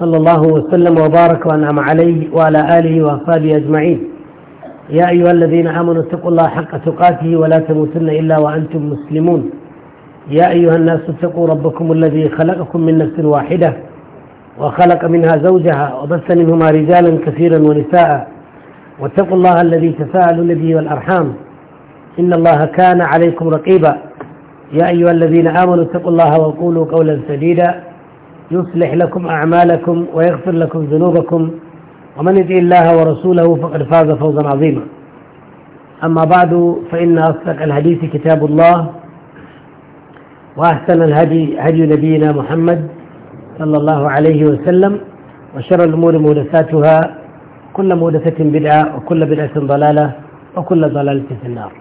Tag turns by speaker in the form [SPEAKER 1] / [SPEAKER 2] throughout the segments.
[SPEAKER 1] صلى الله وسلم وبارك وأنعم عليه وعلى آله وأصحابه أجمعين يا أيها الذين آمنوا اتقوا الله حق تقاته ولا تموتن إلا وأنتم مسلمون يا أيها الناس اتقوا ربكم الذي خلقكم من نفس واحدة وخلق منها زوجها وبث منهما رجالا كثيرا ونساء واتقوا الله الذي تساءل به والأرحام إن الله كان عليكم رقيبا يا أيها الذين آمنوا اتقوا الله وقولوا قولا سديدا يصلح لكم أعمالكم ويغفر لكم ذنوبكم ومن يطع الله ورسوله فقد فاز فوزا عظيما أما بعد فإن أصدق الحديث كتاب الله وأحسن الهدي هدي نبينا محمد صلى الله عليه وسلم وشر الأمور مهدساتها كل مهدسة بدعة وكل بدعة ضلالة وكل ضلالة في النار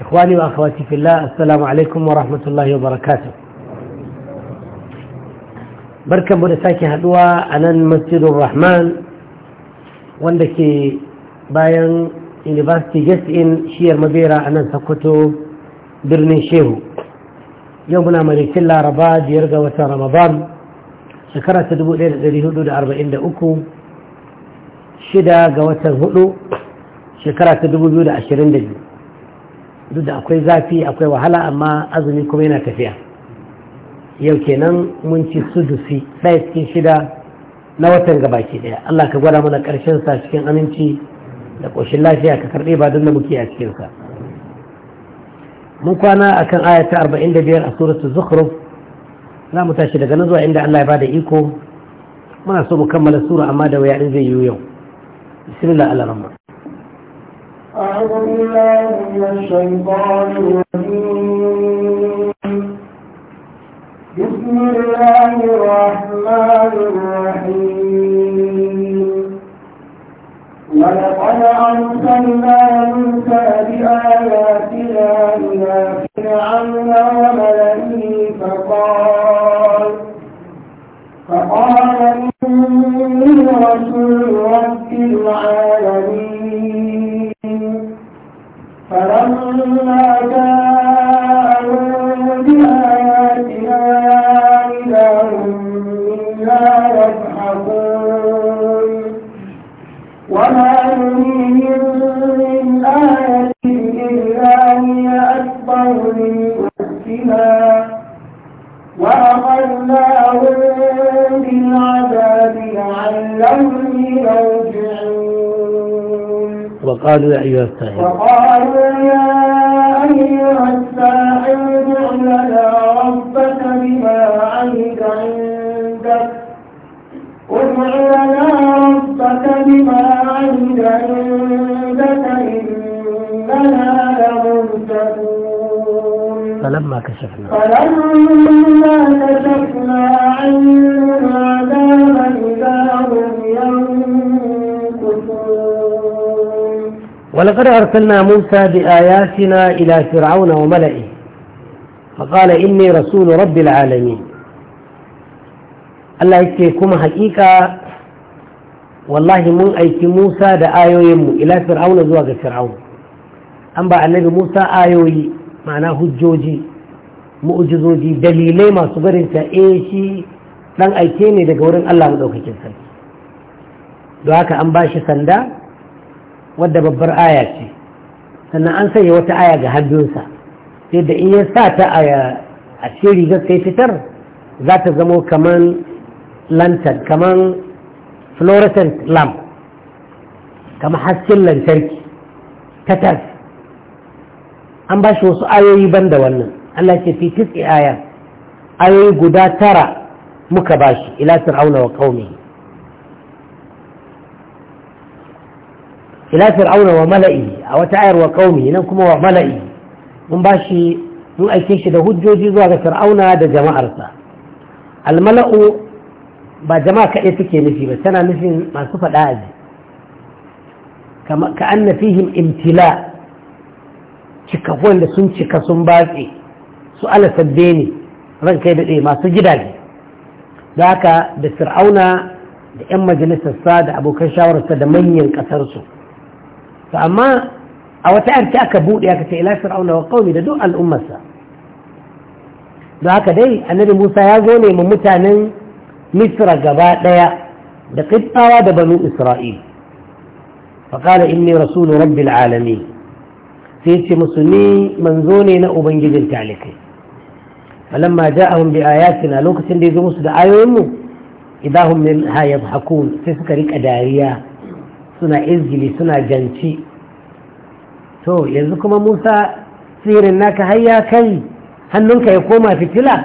[SPEAKER 1] إخواني وأخواتي في الله السلام عليكم ورحمة الله وبركاته barkanmu da sake haduwa a nan masjidun rahman wanda ke bayan university guest in shiyar mabera a nan sokoto birnin shehu yau muna malikin laraba biyar ga watan ramadan shekara ta 1443 shida ga watan hudu shekara ta 2022 duk da akwai zafi akwai wahala amma azumi kuma yana tafiya yau kenan mun ci sudusi ɗaya cikin shida na watan gaba ke ɗaya Allah ka gwada mana ƙarshen sa cikin aminci da ƙoshin lafiya ka karɓe ba don da muke a cikin sa mun kwana akan aya ta biyar a suratu zukhruf za mu tashi daga nan zuwa inda Allah ya bada iko muna so mu kammala sura amma da waya in zai yiwu yau bismillah al-rahman
[SPEAKER 2] أعوذ بالله من الشيطان الرجيم بسم الله الرحمن الرحيم ولقد أرسلنا موسى بآياتنا إلى فرعون وملئه فقال فقال إني رسول رب العالمين فلما كان
[SPEAKER 1] وقالوا يا أيها الساحر
[SPEAKER 2] وقالوا يا أيها الساحر ادع لنا ربك بما عهد عندك ادع لنا ربك بما عهد عندك إننا لمهتدون فلما كشفنا فلما كشفنا عنهم
[SPEAKER 1] ولقد أرسلنا موسى بآياتنا إلى فرعون وملئه فقال إني رسول رب العالمين Allah yake kuma haƙiƙa wallahi mun aiki Musa da ayoyinmu ila Fir'auna zuwa ga Fir'au. an ba annabi Musa ayoyi ma'ana hujjoji mu'jizoji dalilai masu barinta eh shi ɗan aike ne daga wurin Allah madaukakin sarki don haka an bashi sanda wadda babbar aya ce sannan an sanya wata aya ga hannunsa sai da in ya sa ta a shiri ga sai fitar za ta zamo kaman lantern kaman fluorescent lamp kamar hasken lantarki ta tas an ba shi wasu ayoyi ban da wannan Allah ce fi tis'i aya ayoyi guda tara muka ba shi ila auna wa qaumi ila fir'auna wa mala'i a wata ayar wa qaumi nan kuma wa mala'i mun bashi mun aike shi da hujjoji zuwa ga fir'auna da jama'arsa al mala'u ba jama'a kaɗai take nufi ba tana nufin masu faɗa a ka anna fihim imtila cika wanda sun cika sun batse su ala sabbe ne ran kai daɗe masu gidaje da haka da fir'auna da 'yan majalisarsa da abokan shawararsa da manyan ƙasarsu to amma a wata yarta aka buɗe aka ce ila fir'auna wa qaumi da duk al'ummarsa don haka dai annabi Musa ya zo ne mu mutanen Misra gaba ɗaya da qibtawa da banu Isra'il fa qala inni rasulu rabbil alamin sai ce musu ni manzo ne na ubangijin talikai falamma ja'ahum bi ayatina lokacin da ya zo musu da ayoyin mu idahum min ha sai suka rika dariya suna izgili suna janci to yanzu kuma musa tsirin naka har ya kai hannunka ya koma fitila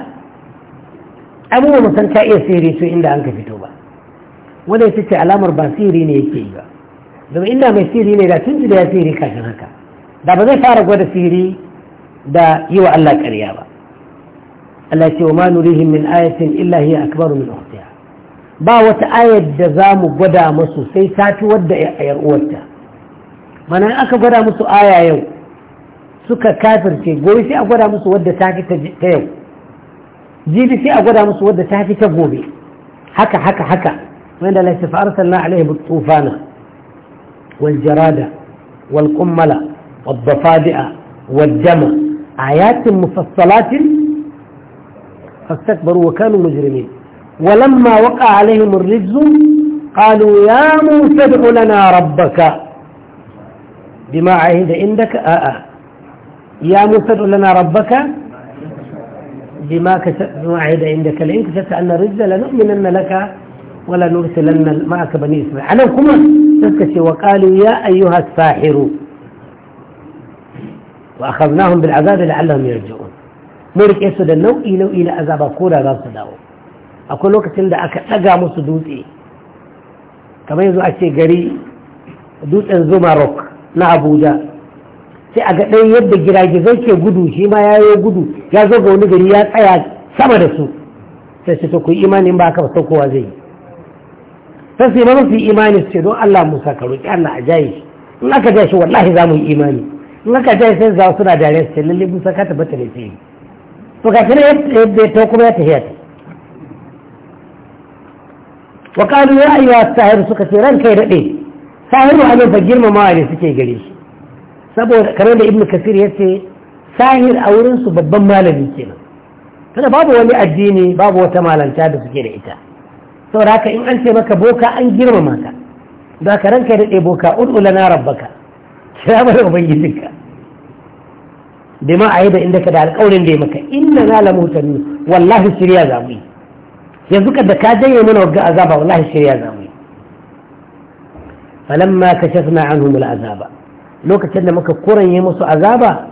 [SPEAKER 1] abubuwa musan ka iya sihiri to inda an ka fito ba wanda ya ce alamar ba sihiri ne yake yi ba domin inda mai sihiri ne da tun da ya sihiri kafin haka da ba zai fara gwada sihiri da yi wa Allah karya ba Allah ce wa ma nurihim min ayatin illa akbaru min ukhra ba wata ayar da za mu gwada masu sai ta fi wadda ayar uwarta mana aka gwada musu aya yau suka kafirce gobe sai a gwada musu wadda ta fi ta yau jibi sai a gwada musu wadda ta fi ta gobe haka haka haka wanda la shafa arsalna alaihi bi tufana wal jarada wal qummala wal dafadi'a wal jama ayatin mufassalatin fastakbaru wa kanu mujrimin ولما وقع عليهم الرجز قالوا يا موسى ادع لنا ربك بما عهد عندك آآ آه آه. يا موسى ادع لنا ربك بما بما عهد عندك لان كشفت ان الرجز لنؤمنن لك ولا نرسلن معك بني إسرائيل على كما تسكت وقالوا يا أيها الساحر وأخذناهم بالعذاب لعلهم يرجعون ملك اسد النوء إلى إلى عذاب كورا غاب صداوه akwai lokacin da aka ɗaga musu dutse kamar yanzu a ce gari dutsen zuma rock na abuja sai a ga ɗan yadda giragizai ke gudu shi ma ya yi gudu ya zo ga wani gari ya tsaya sama da su sai su ku imanin ba ka ba kowa zai yi sai su yi mana su yi imani su ce don allah musa ka roƙi allah a jaye in aka jaye shi wallahi za mu yi imani in aka jaye sai za su na dariya su ce lallai musa ka tabbata ne sai to kafin yadda ya ta kuma ya tafiya ta wa kalu ya wa sahir suka ce ranka ya dade sahiru abin girmamawa ne suke gare shi saboda kamar da ibnu kasir ya ce sahir a wurin su babban malami kenan kada babu wani addini babu wata malanta da suke da ita saboda haka in an ce maka boka an girmama ka da ka ranka dade boka ud'u lana rabbaka kira mana ubangijinka bima ayyaba inda ka da alƙawarin da ya maka inna zalamu tanu wallahi shirya zamu yanzu ka da ka janye mana wagga azaba wallahi shirya za mu yi falamma kashafna anhum al'azaba lokacin da muka kuranye musu azaba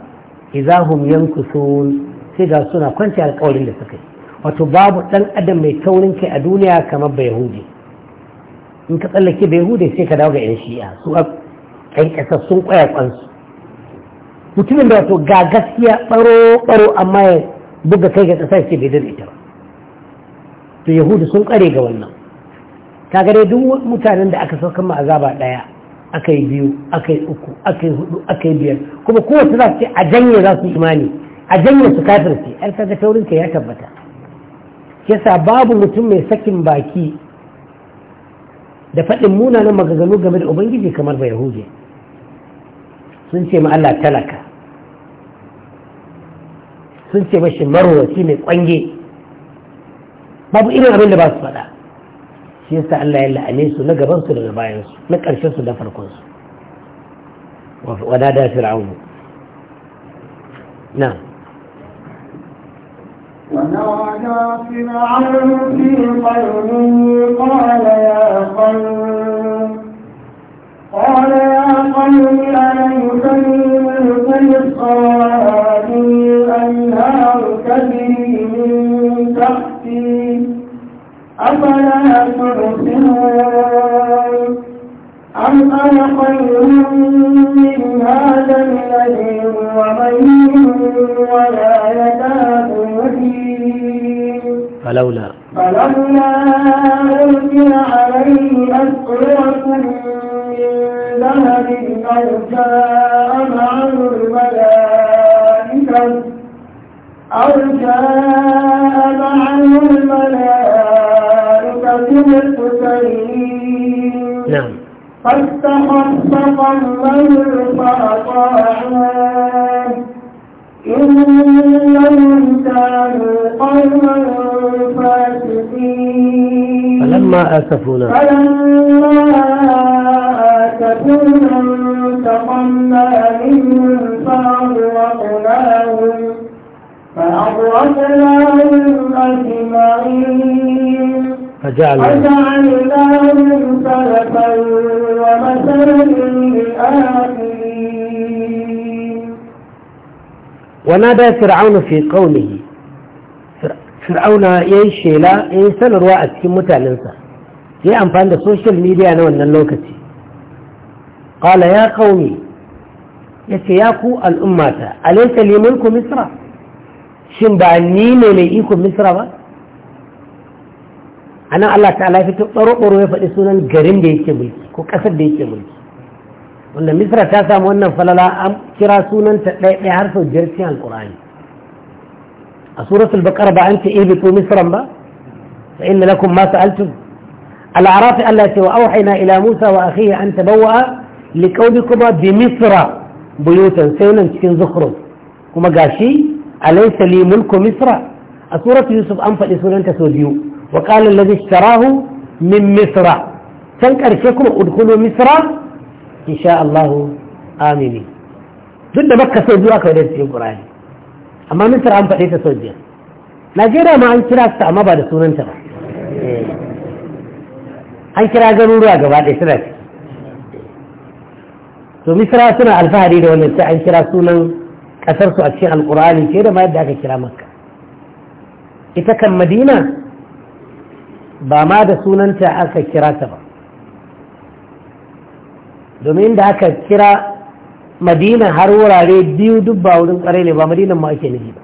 [SPEAKER 1] idahum yankusun sai ga suna kwanci alƙawarin da suka yi wato babu ɗan adam mai taurin kai a duniya kamar bai yahudi in ka tsallake bai yahudi sai ka dawo ga yan shi'a su a ƙanƙasa sun ƙwaya ƙwansu mutumin da wato ga gaskiya ɓaro ɓaro amma ya buga kai ga ƙasar ce bai ba. to yahudu sun kare ga wannan kaga dai duk mutanen da aka saukan ma azaba daya aka yi biyu aka yi uku aka yi hudu aka yi biyar kuma kowace za su ce a janye za su imani a janye su kafirce yar kaga taurin ka ya tabbata yasa babu mutum mai sakin baki da faɗin munanan magagano game da ubangiji kamar ba yahudi sun ce ma Allah talaka sun ce mashi marwaci mai kwange babu irin abin da ba su faɗa shi yasa Allah ya la'ane su na gaban su daga bayan su na ƙarshen su da farkon su wada da fir'aun na
[SPEAKER 2] ونادى فرعون في قومه قال يا قوم قال يا قوم أليس لي ملك الصواب أنهار تجري من تحتي أفلا تبصرون أم أنا خير من هذا الذي هو ميت ولا يتاب مهين فلولا فلولا أرسل عليه أسرة من ذهب أو جاء معه الملائكة أو جاء معه الملائكة نعم. فلما آسفونا فلما آسفونا انتقمنا منهم فأغرقناهم فأغرقناهم أجمعين فجعلناهم سلفا ومثلا للآخرين
[SPEAKER 1] ونادى فرعون في قومه fir'auna ya yi shela ya yi sanarwa a cikin mutanensa ya amfani da social midiya na wannan lokaci ƙala ya ƙaumi ya ce ya ku al'ummata alaisa limin ku misra shin ba ni ne mai ikon misra ba a nan Allah ta'ala ya fito ɓaro-ɓaro ya faɗi sunan garin da yake mulki ko ƙasar da yake mulki wanda misra ta samu wannan falala an kira sunanta ɗaya-ɗaya har sau biyar al alƙur'ani a suratul baqara ba an ce ihbitu misran ba fa inna lakum ma sa'altum al-a'raf Allah ya ce wa auhayna ila Musa wa akhihi an tabawwa liqawmikuma bi misra buyutan sai nan cikin zukhruf kuma gashi alaysa li mulku misra a suratul yusuf an faɗi sunanta sau biyu wa qala alladhi min misra can karshe kuma udkhulu misra insha Allah amini duk da makka biyu aka kawai da cikin qur'ani amma misra an faɗe ta sau biyar najeriya ma an kira ta amma ba da sunanta ba eh. an kira garuruwa gaba ɗaya suna to misra suna alfahari da wannan sai an kira sunan ƙasarsu a cikin alƙur'ani ce da ma yadda aka kira makka ita kan madina ba ma da sunanta aka kira ta ba domin da aka kira madina har wurare biyu dubba wurin kare ne ba madinan ma ake nufi ba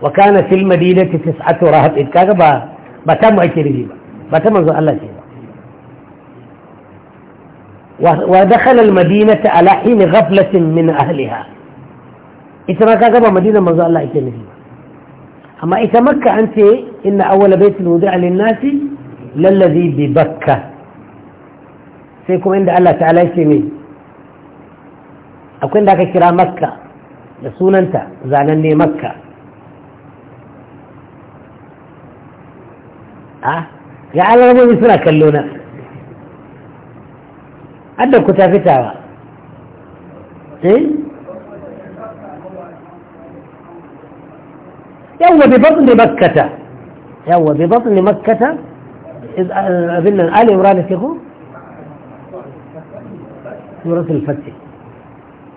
[SPEAKER 1] wa kana fil madinati tis'atu rahatin kaga ba ba ta mu ake nufi ba ba ta manzo Allah ce ba wa dakhala al madinata ala hin ghaflatin min ahliha ita ma kaga ba madinan manzo Allah ake nufi amma ita makka an ce inna awwala baitul wudi'a lin-nasi lallazi bi bakka sai kuma inda Allah ta'ala yake ne akwai inda aka kira makka da sunanta zananne makka a ya alamomi suna kallo na adda ku ta fitawa eh يوم ببطن مكة يوم ببطن مكة إذ أذن آل إمران كيكو سورة الفتح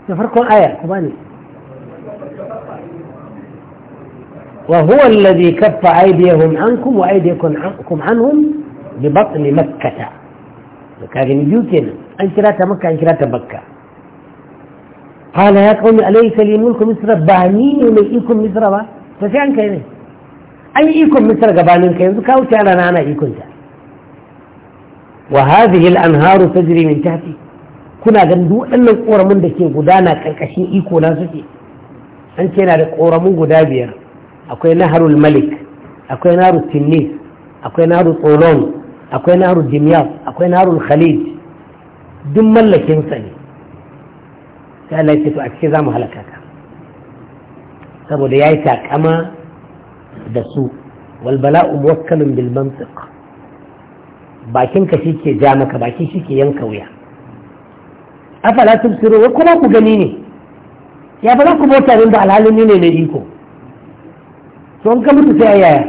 [SPEAKER 1] تفرقوا آية حباني وهو الذي كف أيديهم عنكم وأيديكم عنهم ببطن مكة كاغن يوكين أن مكة أن مكة قال يا قوم أليس لي ملك مصر باني وليكم مصر باني to sai an kai ne an yi ikon misar gabanin ka yanzu kawo ta rana ana ikon ta wa hadhihi al-anharu tajri min tahti kuna ga duk waɗannan ƙoramin da ke gudana ƙarƙashin iko na suke an ce yana da ƙoramin guda biyar akwai naharul malik akwai naru tinnis akwai naru tsolon akwai naru jimiyar akwai naharul khalid duk mallakin sa ne sai Allah ya ce to a cikin zamu halaka ka saboda ya yi takama da su walbala'u muwakkalin bilman mantiq bakin ka shike ja maka shi ke yanka wuya afala tubsiru wa kuma ku gani ne ya ba za ku bauta min ba alhalin ne na iko to an ka mutu sai yaya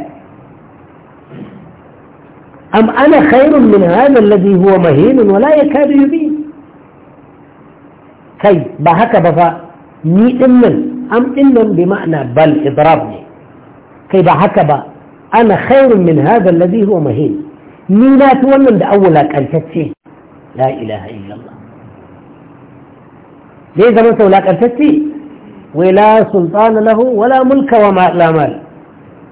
[SPEAKER 1] am ana khairun min hadha alladhi huwa mahin wa la yakadu yubin kai ba haka ba fa ni din nan am din nan bi ma'ana bal idrab ne kai ba haka ba ana khairun min hadha alladhi huwa mahin ni na fi wannan da awwala kantacce la ilaha illallah dai zaman sau la kantacce wai la sultana lahu wala mulka wa la mal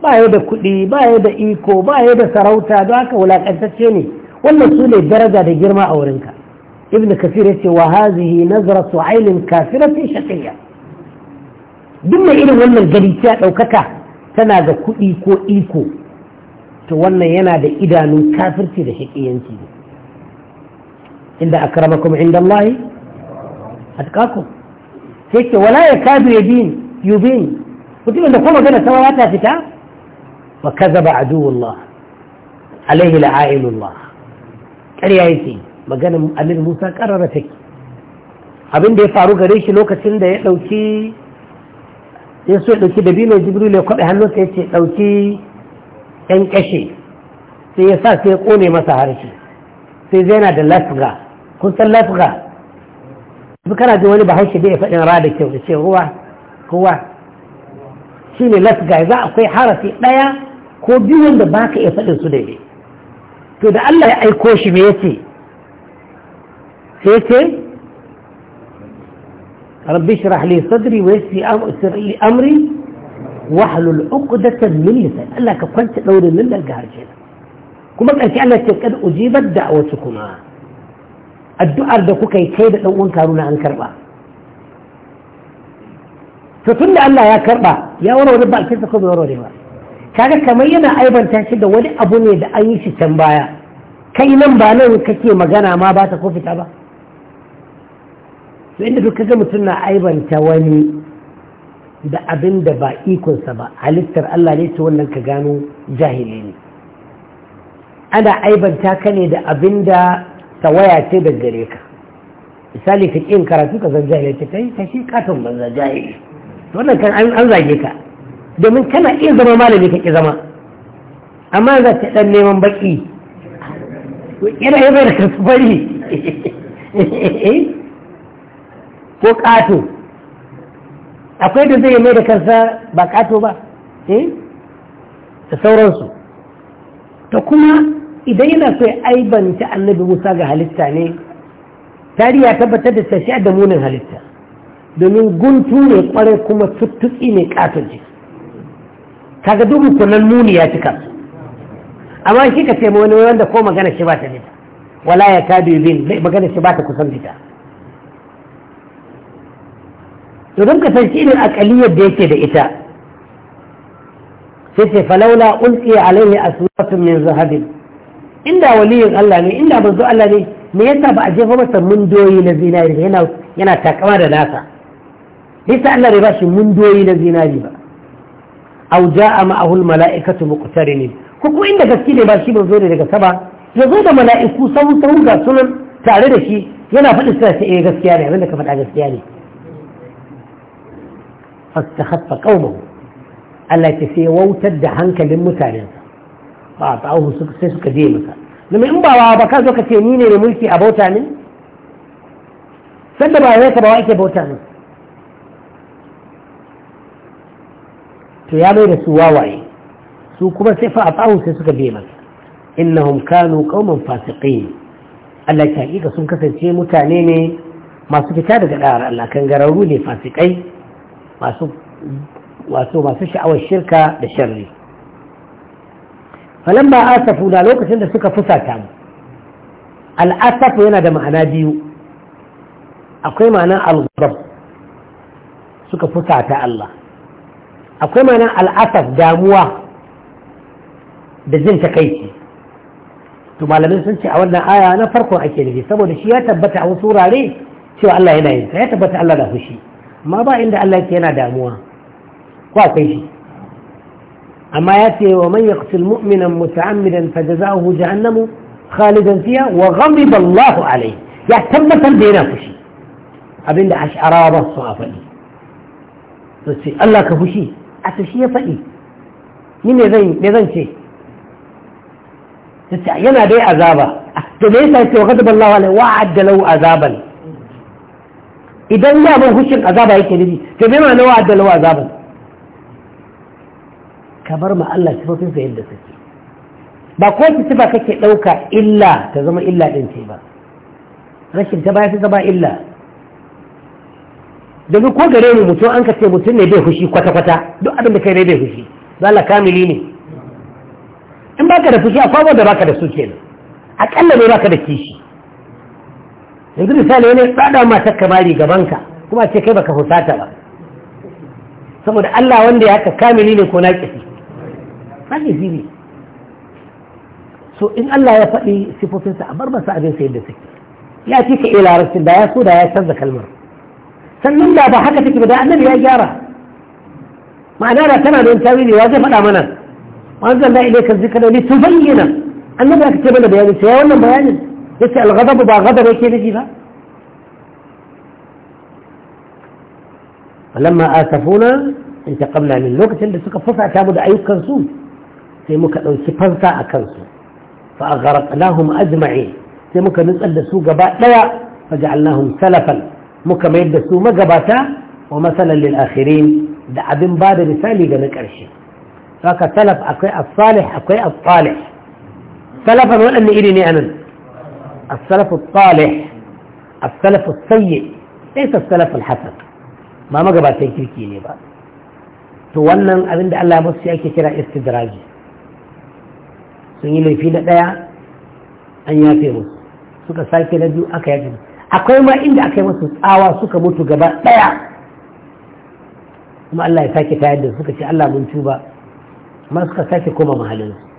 [SPEAKER 1] ba ya da kuɗi ba ya da iko ba ya da sarauta don haka wulakantacce ne wannan su ne daraja da girma a wurinka ibn kafir ya ce wa hazihi nazara su'ailin kafiratin shaqiyya duk mai irin wannan gari ta ɗaukaka tana da kuɗi ko iko to wannan yana da idanun kafirci da shaƙiyanci inda a akramakum inda Allah atqakum sai ce wala ya kadu yubin yubin mutumin da kuma gana tawa ta fita ba wa kazaba aduwullah alaihi la'ainullah ƙarya yake maganar Amir Musa ƙarara take abin da ya faru gare shi lokacin da ya ɗauki sai so ɗauki da mai jibril ya kwaɓe hannunsa ya ce ɗauki ɗan ƙashe sai ya sa sai ya ƙone masa harshe sai zai yana da lafiga kun san su kana ji wani bahaushe ya faɗin ra da kyau da ce ruwa ruwa shi ne za akwai harafi ɗaya ko biyu wanda ba ka iya faɗin su daidai to da Allah ya aiko shi me ya ce sai ce رب يشرح لي صدري ويسر لي أمري وحل العقدة من لسان قال لك كنت دوري من الجهاج هنا كما قال لك الله تلك دعوتكما الدعاء لك كي تيب الأول كارونا عن كربا فتن الله يا كربا يا ورا ربا كيف تقول ورا ربا كان كما ينا ولي تحسن دولي أبوني دعيش تنبايا كي ننبانا وكي مغانا ما باتا كوفي تبا sai inda duk kaga mutum na aibanta wani da abin da ba ikonsa ba halittar Allah ne ta wannan ka gano jahili ne ana aibanta ka ne da abin da tawaya ce da gare ka misali ka ƙin karatu ka zan jahili ta yi ta shi katon banza jahili to wannan kan an zage ka domin kana iya zama malami ka ƙi zama amma za ta ɗan neman baƙi yana yi bai da kasu ko ƙato akwai da zai mai da kansa ba ƙato ba eh da sauransu ta kuma idan yana so ya aibanta annabi musa ga halitta ne tariya tabbatar da tashi da munin halitta domin guntu ne kwarai kuma tuttuki ne ƙato jiki kaga duk kunan nuni ya cika su amma shi ka ce wani wanda ko magana shi ba ta nita wala ya ta bin magana shi ba ta kusan fita to ka san irin akaliyar da yake da ita sai ce falaula ulqi alaihi aswatun min zahabin inda waliyin Allah ne inda manzo Allah ne me yasa ba a jefa masa mundoyi na zinari yana yana takama da nasa yasa Allah bai bashi mundoyi na zinari ba aw jaa ma'ahu al-mala'ikatu muqtarinin ko inda gaske ne ba shi da ne daga sama ya zo da mala'iku sau sau ga sunan tare da shi yana faɗi sai eh gaskiya ne abinda ka faɗa gaskiya ne fastakhaffa qaumahu Allah ya sai wautar da hankalin mutanensa ba a ta'ahu sai suka je masa domin in ba wa ba ka zo ka ce ni ne da mulki a bauta ne sanda ba ba wa bauta to ya da su su kuma sai fa a sai suka masa Allah ta hakika sun kasance mutane ne masu fita daga da'ar Allah kan gararru ne fasikai masu wato masu sha'awar shirka da sharri falan ba asafu na lokacin da suka fusata mu al'asafu yana da ma'ana biyu akwai ma'anar al'adab suka fusata Allah akwai ma'anar al'asaf damuwa da jin takaici to malamin sun ce a wannan aya na farkon ake nufi saboda shi ya tabbata a wasu wurare cewa Allah yana yin ya tabbata Allah da fushi amma ba inda Allah ke yana damuwa ko akwai shi amma ya ce wa man yaqtul mu'mina muta'ammidan fajza'uhu jahannamu khalidan fiha wa ghadiba Allahu alai ya tabbatar da yana fushi abinda a ash'arawa ba su a faɗi to ce Allah ka fushi a ta shi ya faɗi ni ne zan ne zan ce yana dai azaba to me yasa ce wa ghadiba Allahu alai wa adda lau azaban idan ya bin hushin azaba yake nufi to me ma nawa da lawa azaban ka bar ma Allah sifofin sa yadda suke ba ko ki sifa kake dauka illa ta zama illa din ce ba rashin ta baya ta zama illa daga ko gare mu mutum an ka ce mutum ne bai fushi kwata-kwata duk abin da kai ne bai fushi za Allah kamili ne in baka da fushi akwai wanda baka da su kenan akalla ne baka da kishi yanzu misali wani tsada matar kamari gabanka kuma ce kai baka husata ba saboda Allah wanda ya haka kamili ne ko na ƙisi ƙasi ne so in Allah ya faɗi sifofinsa a bar masa abin sayar da suke ya fi ka iya larabcin da ya so da ya canza kalmar sannan da ba haka take ba da annabi ya gyara ma'ana da tana don tawili wa zai faɗa mana wanzan da ilai kan zikana ne tu bayyana annabi ya ce mana bayanin sai wannan bayanin yace al-ghadab ba ghadab yake nufi ba lamma asafuna intaqamna min lokacin da suka fusata mu da ayyukan su sai muka dauki fansa a kansu fa aghraqnahum ajma'in sai muka nutsar da su gaba daya faj'alnahum salafan muka mayar da su magabata wa masalan lil akhirin da abin ba da misali ga na karshe haka salaf akwai as-salih akwai as-salih salafan wadanne iri ne anan السلف الصالح السلف السيء ليس السلف الحسن ما magabatan kirki ne ba to wannan abin da Allah masu ake kira istidraji sun yi laifi na ɗaya an yafe musu suka sake na biyu aka yafe musu akwai ma inda aka yi musu tsawa suka mutu gaba ɗaya kuma Allah ya sake tayar da suka ce Allah mun tuba amma suka sake koma mahalinsu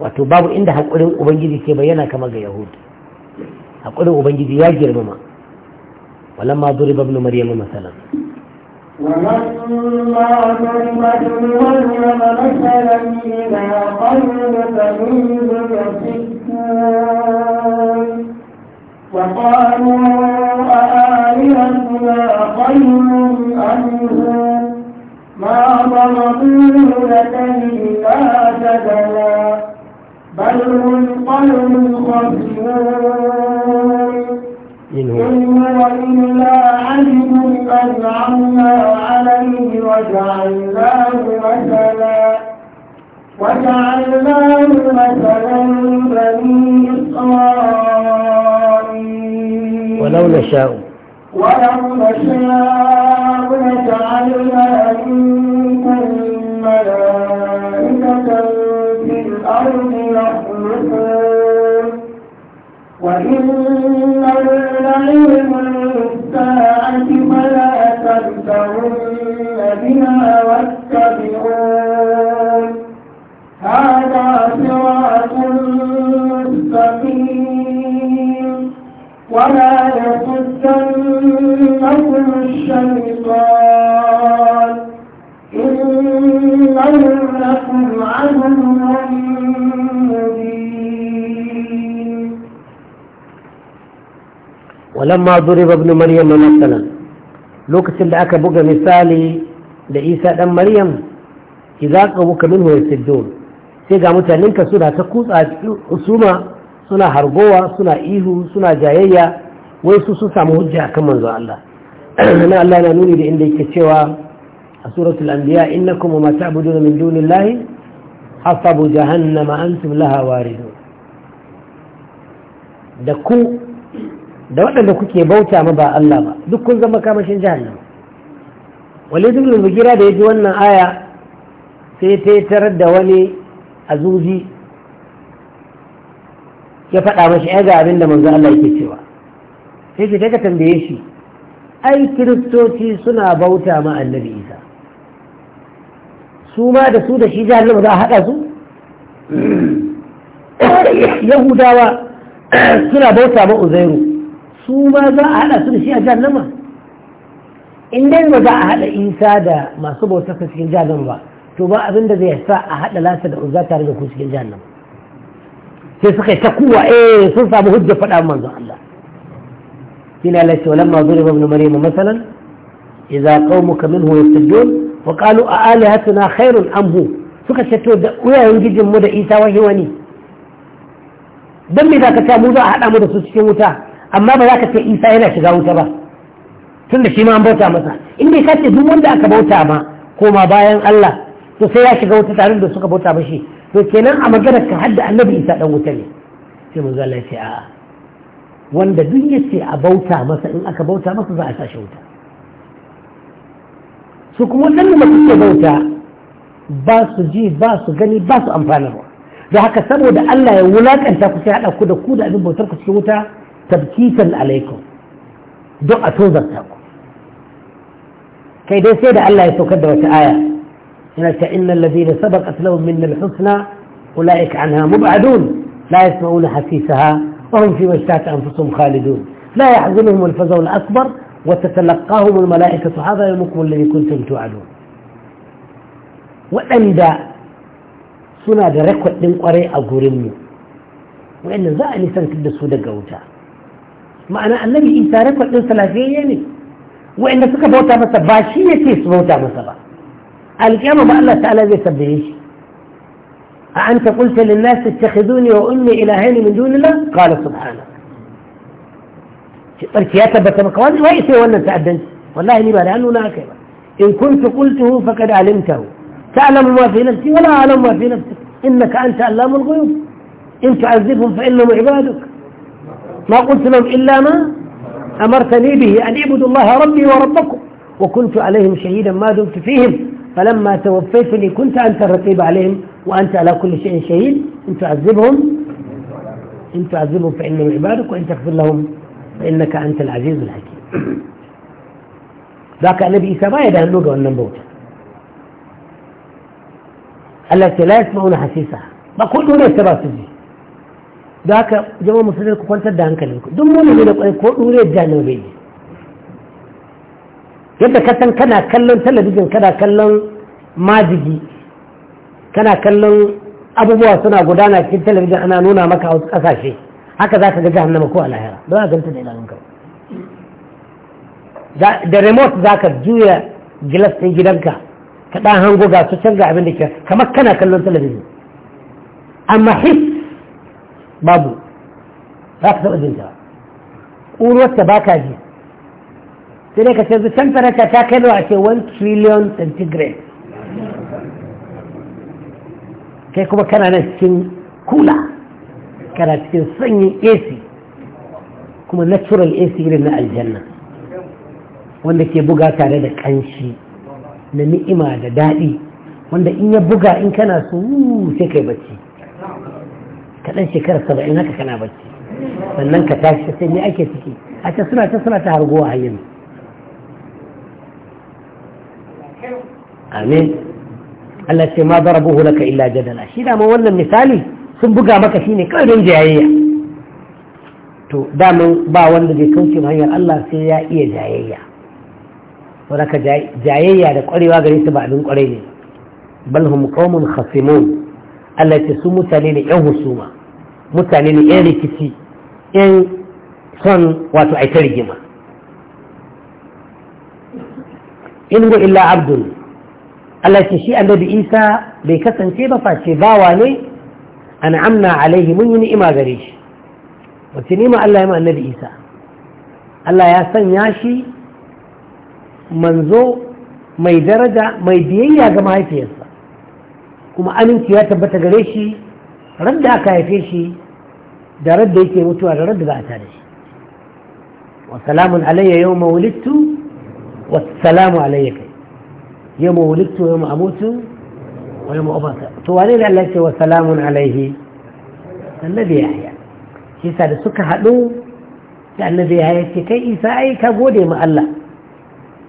[SPEAKER 1] wato babu inda haƙurin ubangiji ke bayyana kamar ga yahudu haƙurin ubangiji ya girmama walamma duriba ibn maryam masalan
[SPEAKER 2] ولما ضرب وقالوا أآلهتنا خير أم هو ما ضربوه لك إلا جدلا بل هو قوم خاسرون إن هو إلا علم أنعمنا عليه وجعلناه مثلا وجعلناه مثلا بني إسرائيل ولو نشاء ولو نشاء لجعلنا منكم وإن لعلم الساعة فلا تمتعن بها واتبعون هذا صراط مستقيم ولا يصدنكم الشيطان إنه لكم عدو
[SPEAKER 1] walamma duriba ibn maryam masalan lokacin da aka buga misali da isa dan maryam idza qawuka minhu sai ga mutanen ka suna ta kutsa usuma suna hargowa suna ihu suna jayayya wai su su samu hujja kan manzo Allah na Allah yana nuni da inda yake cewa a suratul anbiya innakum ma ta'buduna min dunillahi hasabu jahannama antum laha waridun da ku da waɗanda kuke bauta ma ba Allah ba duk kun zama kamashin jahannama walid ibn mugira da yaji wannan aya sai ta tarar da wani azuzi ya faɗa mashi ai ga abin da manzo Allah yake cewa sai ki ka tambaye shi ai kiristoci suna bauta ma annabi Isa su ma da su da shi jahannama za a haɗa su yahudawa suna bauta ma uzairu su ma za a haɗa su da shi a jahannama in dai ba za a haɗa isa da masu bautar sa cikin jahannama ba to ba abin da zai sa a haɗa lasa da uzza tare da ku cikin jahannama sai suka yi ta kuwa eh sun samu hujja faɗa manzon Allah shine Allah ce walamma zuriba ibn maryam masalan idza qaumuka minhu yastajun wa qalu a alihatuna khairun am hu suka ce to da uyayen gijin mu da Isa wahi wani dan me zaka ta mu za a haɗa mu da su cikin wuta amma ba za ka ce isa yana shiga wuta ba tunda shi ma an bauta masa in bai kace duk wanda aka bauta ma koma bayan Allah to sai ya shiga wuta tare da suka bauta mashi to kenan a maganar ka hadda annabi isa dan wuta ne sai manzo Allah ya ce a'a wanda duk ya ce a bauta masa in aka bauta masa za a sa shi wuta su kuma waɗanda ba suke bauta ba su ji ba su gani ba su amfanarwa da haka saboda Allah ya wulakanta ku sai haɗa ku da ku da abin bautar ku cikin wuta تبكيتا عليكم دو اتوزر تاكو كي دي سيدة الله يتوكد وتعايا إن الذين سبقت لهم من الحسنى أولئك عنها مبعدون لا يسمعون حسيسها وهم في مشتات أنفسهم خالدون لا يحزنهم الفزع الأكبر وتتلقاهم الملائكة هذا يومكم الذي كنتم توعدون وأن دا سنا ركوة من قريء أقول منه وأن ذا لسان كده سودة قوتها ma'ana annabi isa rekod din salafiyya ne wa'anda suka bauta masa ba shi yake su bauta masa ba alƙiyama ba Allah ta'ala zai sabbaye shi a an ta kulta lin nas tattakhiduni wa ummi ilahaini min dunillah qala subhana barki ya tabbata maka wani wai sai wannan ta'addanci wallahi ni ba da hannu na kai ba in kuntu qultuhu faqad alimtahu ta'lamu ma fi nafsi wa la a'lamu ma fi nafsi innaka anta allamul ghuyub in tu'azzibhum fa innahum ibaduk ما قلت لهم إلا ما أمرتني به أن اعبدوا الله ربي وربكم وكنت عليهم شهيدا ما دمت فيهم فلما توفيتني كنت أنت الرقيب عليهم وأنت على كل شيء شهيد إن تعذبهم إن تعذبهم فإنهم عبادك وإن تغفر لهم فإنك أنت العزيز الحكيم ذاك النبي إيسا ما يدعي نوجه والنبوت التي لا يسمعون حسيسها ما كل دون يستباسي da haka jama musulmi ku kwantar da hankalinku duk ne da kwanci ko ɗure janin bai yadda ka kana kallon talabijin kana kallon majigi kana kallon abubuwa suna gudana cikin talabijin ana nuna maka a kasashe ƙasashe haka za ka ga jahannama ko a lahira don a ganta da kawai da remote za ka juya gilas ɗin gidanka ka ɗan hango ga su canza abin da ke kamar kana kallon talabijin amma his babu ba ka taɓa jinta ƙuruwarta ba ka ji sai dai ka ce zuciyar na ta kai a ce 1 trillion centigrade kai kuma kana na cikin kula kana cikin sanyin ac kuma natural ac irin na aljanna wanda ke buga tare da kanshi na ni'ima da daɗi wanda in ya buga in kana su sai kai bacci kaɗan shekarar saba'in haka kana bacci sannan ka tashi sai me ake ciki a ta suna ta suna ta harguwa a yin amin Allah ce ma darabuhu laka illa jadala shi dama wannan misali sun buga maka ne kawai don jayayya to dama ba wanda zai kauce hanyar Allah sai ya iya jayayya wadaka jayayya da kwarewa gare su ba abin kwarai ne bal hum khasimun Allah ce su mutane ne yan husuma mutane ne yan rikici yan son wato aita rigima in go illa abdul Allah ce shi annabi Isa bai kasance ba face bawa ne an amna alaihi mun yi ni'ima gare shi wace ni'ima Allah ya ma annabi Isa Allah ya sanya shi manzo mai daraja mai biyayya ga mahaifiyarsa kuma aminci ya tabbata gare shi radda aka haife shi da radda yake mutuwa da radda ba a tare shi wa salamun alayya yau mawulittu wa salamu alayya kai yau mawulittu yau ma'amutu wa yau ma'ubata to wane ne Allah ce wa salamun alayhi annabi ya haya shi yasa da suka haɗu da annabi ya haya ce kai isa ai ka gode ma Allah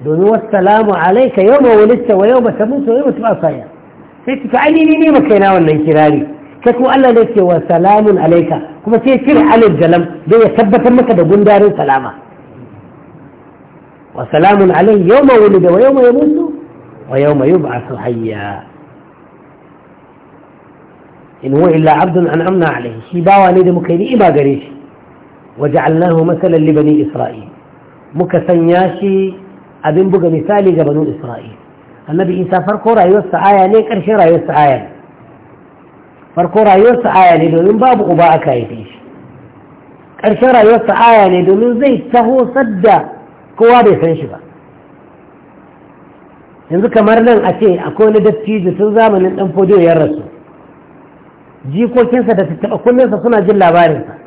[SPEAKER 1] domin wa salamu alayka yau mawulittu wa yau ba ta mutu wa yau ba ta ba sai ta ai ni ne maka yana wannan kirari sai kuma Allah ne ce wa salamun alaika kuma sai cire alif jalam don ya tabbatar maka da gundarin salama wa salamun alai yawma wulida wa yawma yamutu wa yawma yub'athu hayya in huwa illa abdun an'amna alaihi shi bawa ne da muka yi ni'ima gare shi wa ja'alnahu masalan li bani isra'il muka sanya shi abin buga misali ga banu isra'il annabi isa farko rayuwarsa aya ne ƙarshen rayuwarsa aya ne farko rayuwarsa aya ne domin babu uba aka haife shi ƙarshen rayuwarsa aya ne domin zai taho sadda kowa bai san shi ba yanzu kamar nan a ce akwai wani dattijo tun zamanin dan fodiyo ya rasu jikokinsa da tattaɓa sa suna jin labarinsa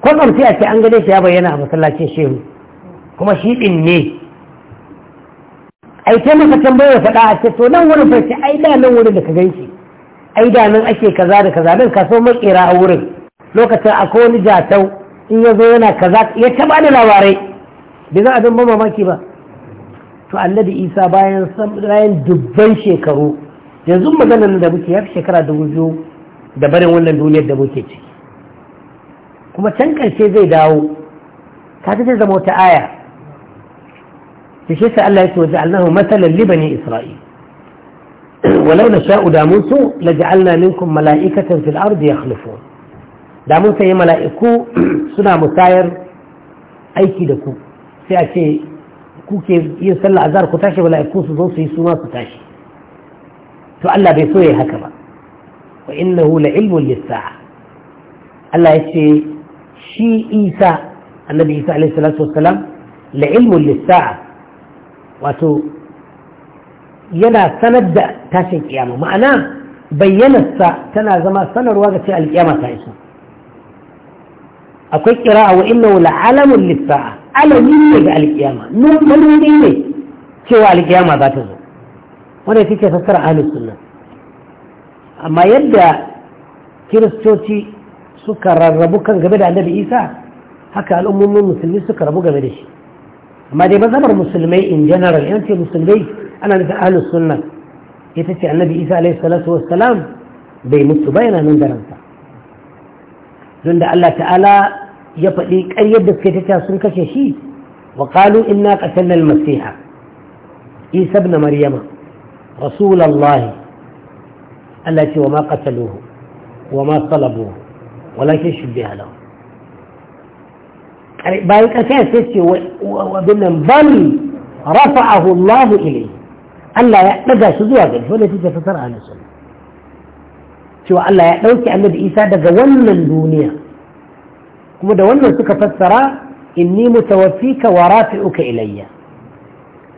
[SPEAKER 1] kwatsam a ce an gane shi ya bayyana a masallacin shehu kuma shi ɗin ne ai sai maka tambayar faɗa a ce to nan wurin fa ai da nan wurin da ka gan shi ai da nan ake kaza da kaza nan kaso makera a wurin lokacin akwai wani jatau in yazo yana kaza ya taba da labarai bai za a zama mamaki ba to annabi isa bayan bayan dubban shekaru yanzu maganar da muke ya shekara dubu biyu da barin wannan duniyar da muke ciki kuma can karshe zai dawo ta zai zama wata aya shi shi sai Allah ya ce waja'alnahu masalan li bani isra'il walau nasha'u da mun so laja'alna minkum mala'ikatan fil ardi yakhlifun da mun sai mala'iku suna musayar aiki da ku sai a ce kuke yin sallah azhar ku tashi mala'iku su zo su yi suma su tashi to Allah bai so haka ba wa innahu la ilmun lis Allah ya ce shi Isa annabi Isa alaihi la ilmun lis wato yana sanar da tashin kiyama ma'ana bayyanarsa tana zama sanarwa ga ce alkiyama ta isa akwai kira'a wa inna wula alamun lissa'a alamin ne ga alkiyama nuni ne cewa alkiyama za ta zo wanda ya fice fassara ahlus sunna amma yadda kiristoci suka rarrabu kan game da annabi isa haka al'ummomin musulmi suka rabu game da shi amma dai mazhabar musulmai in general yan ce musulmai ana da ahlus sunna ita ce annabi isa alaihi salatu wassalam bai mutu ba yana nan da don da Allah ta'ala ya faɗi ƙaryar da suke ta sun kashe shi wa qalu inna qatalna al-masiha isa ibn maryama rasul Allah ce wa ma qataluhu wa ma salabuhu walakin shubbiha lahu bayan ƙasa sai ce wa binnan bal rafa'ahu Allah ilayhi Allah ya daga shi zuwa gari wanda take fasara a nasu cewa Allah ya dauki Annabi Isa daga wannan duniya kuma da wannan suka fassara inni mutawaffika wa rafi'uka ilayya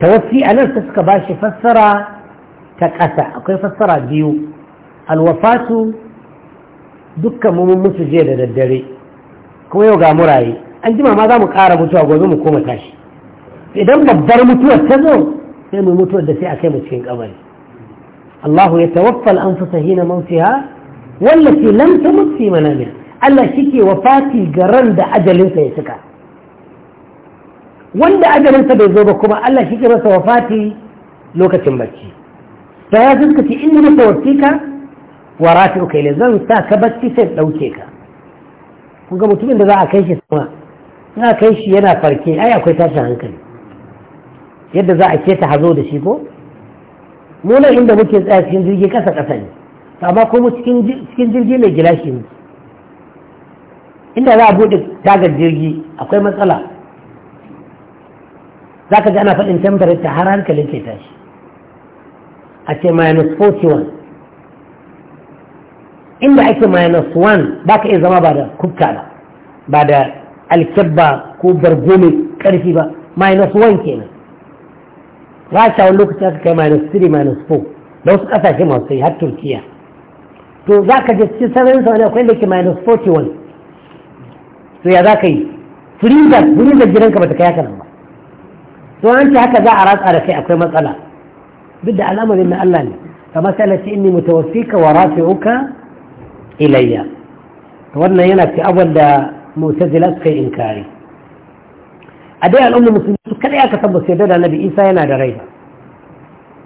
[SPEAKER 1] tawaffi anan sai suka bashi fassara ta ƙasa akwai fassara biyu alwafatu dukkan mu mun mutu je da daddare kuma yau ga muraye an jima ma za mu kara mutuwa gobe mu koma tashi idan babbar mutuwar ta zo sai mu mutuwar da sai a kai mu cikin kabari Allahu ya tawaffa al-anfusa hina mawtiha wallati lam tamut fi manamiha Allah shike wafati ga ran da ajalinsa ya cika wanda ajalinsa bai zo ba kuma Allah shike masa wafati lokacin barci ta ya zuskaci inda na tawaffika wa rafi'uka ila zan sa ka barci sai dauke ka kun ga mutumin da za a kai shi sama ina kai shi yana farke ai akwai tashin hankali yadda za a keta hazo da shi ko mu nan inda muke tsaya cikin jirgi kasa kasa ne amma kuma cikin jirgi mai gilashi ne inda za a buɗe tagar jirgi akwai matsala za ka ji ana faɗin ta har hankalin ke tashi a ce minus 41 inda ake minus 1 ba ka iya zama ba da kubta ba da alkebba ko bargo mai karfi ba minus 1 kenan rasha wani lokaci aka kai minus 3 minus 4 da wasu kasashe masu yi har turkiya to za ka je cikin sararin sa wani akwai da ke minus 41 to ya za ka yi freezer freezer gidanka bata kai haka nan ba to an ce haka za a ratsa da kai akwai matsala duk da al'amarin na Allah ne kamar sai Allah ce inni mutawaffika wa rafi'uka ilayya wannan yana ce abin da mu'tazila suka yi inkari a dai al'ummar musulmi su kada aka san ba su da nabi isa yana da rai ba